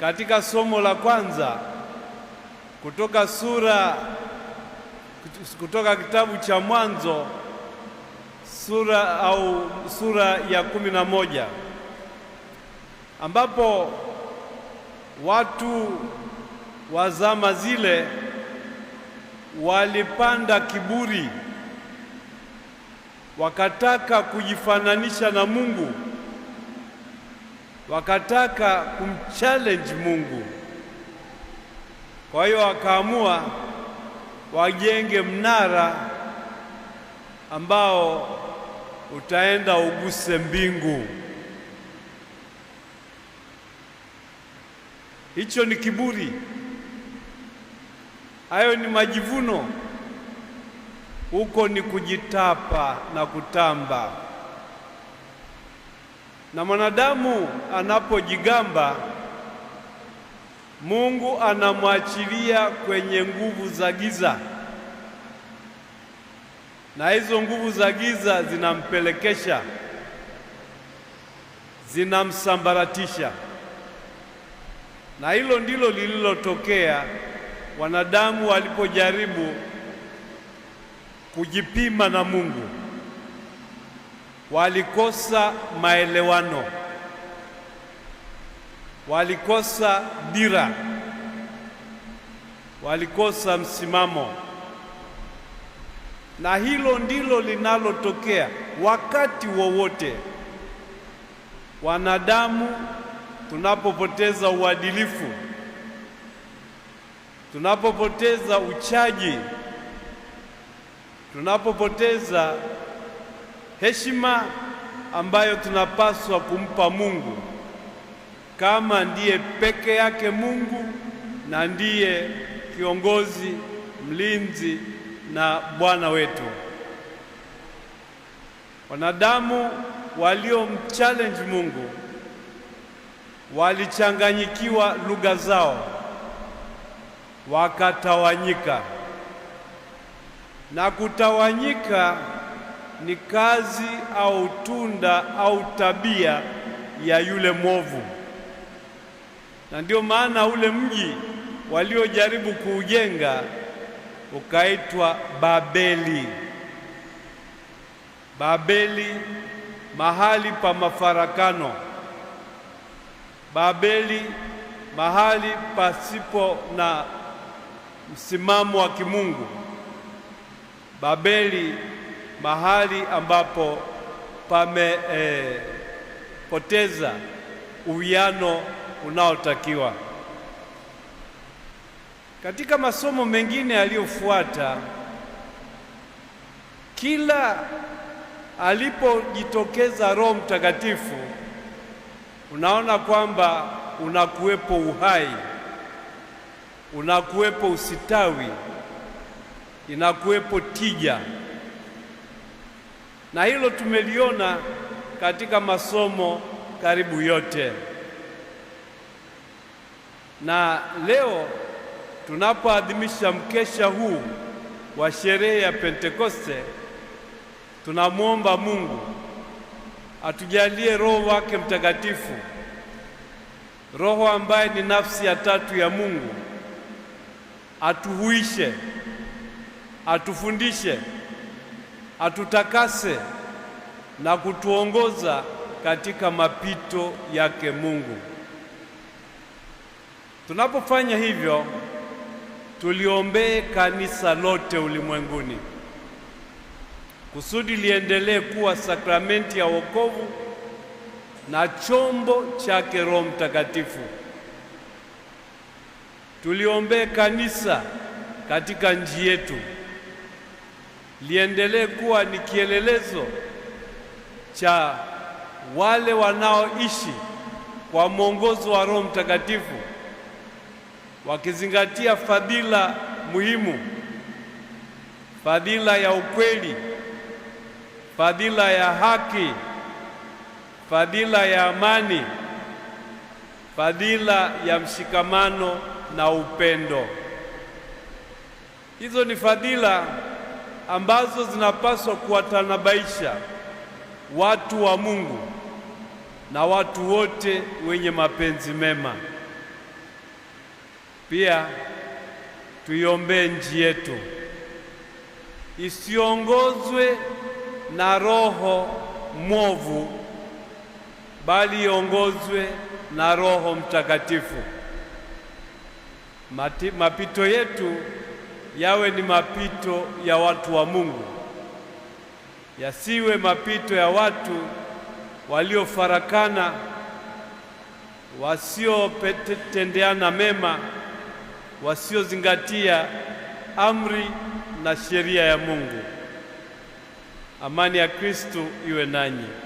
katika somo la kwanza kutoka sura kutoka kitabu cha Mwanzo sura au sura ya kumi na moja ambapo watu wa zama zile walipanda kiburi, wakataka kujifananisha na Mungu wakataka kumchallenge Mungu. Kwa hiyo wakaamua wajenge mnara ambao utaenda uguse mbingu. Hicho ni kiburi, hayo ni majivuno, huko ni kujitapa na kutamba. Na mwanadamu anapojigamba, Mungu anamwachilia kwenye nguvu za giza, na hizo nguvu za giza zinampelekesha, zinamsambaratisha. Na hilo ndilo lililotokea wanadamu walipojaribu kujipima na Mungu walikosa maelewano, walikosa dira, walikosa msimamo, na hilo ndilo linalotokea wakati wowote wa wanadamu tunapopoteza uadilifu, tunapopoteza uchaji, tunapopoteza heshima ambayo tunapaswa kumpa Mungu kama ndiye peke yake Mungu na ndiye kiongozi, mlinzi na Bwana wetu. Wanadamu waliomchallenge Mungu walichanganyikiwa lugha zao, wakatawanyika na kutawanyika ni kazi au tunda au tabia ya yule mwovu, na ndio maana ule mji waliojaribu kuujenga ukaitwa Babeli. Babeli, mahali pa mafarakano. Babeli, mahali pasipo na msimamo wa kimungu. Babeli mahali ambapo pamepoteza eh, uwiano unaotakiwa. Katika masomo mengine yaliyofuata, kila alipojitokeza Roho Mtakatifu, unaona kwamba unakuwepo uhai, unakuwepo usitawi, inakuwepo tija na hilo tumeliona katika masomo karibu yote, na leo tunapoadhimisha mkesha huu wa sherehe ya Pentekoste, tunamwomba Mungu atujalie Roho wake Mtakatifu, Roho ambaye ni nafsi ya tatu ya Mungu, atuhuishe, atufundishe atutakase na kutuongoza katika mapito yake Mungu. Tunapofanya hivyo, tuliombee kanisa lote ulimwenguni kusudi liendelee kuwa sakramenti ya wokovu na chombo chake Roho Mtakatifu. Tuliombee kanisa katika nchi yetu liendelee kuwa ni kielelezo cha wale wanaoishi kwa mwongozo wa Roho Mtakatifu wakizingatia fadhila muhimu, fadhila ya ukweli, fadhila ya haki, fadhila ya amani, fadhila ya mshikamano na upendo. Hizo ni fadhila ambazo zinapaswa kuwatanabaisha watu wa Mungu na watu wote wenye mapenzi mema. Pia tuiombee nchi yetu isiongozwe na roho mwovu, bali iongozwe na Roho Mtakatifu. Mati, mapito yetu yawe ni mapito ya watu wa Mungu, yasiwe mapito ya watu waliofarakana, wasiotendeana mema, wasiozingatia amri na sheria ya Mungu. Amani ya Kristo iwe nanyi.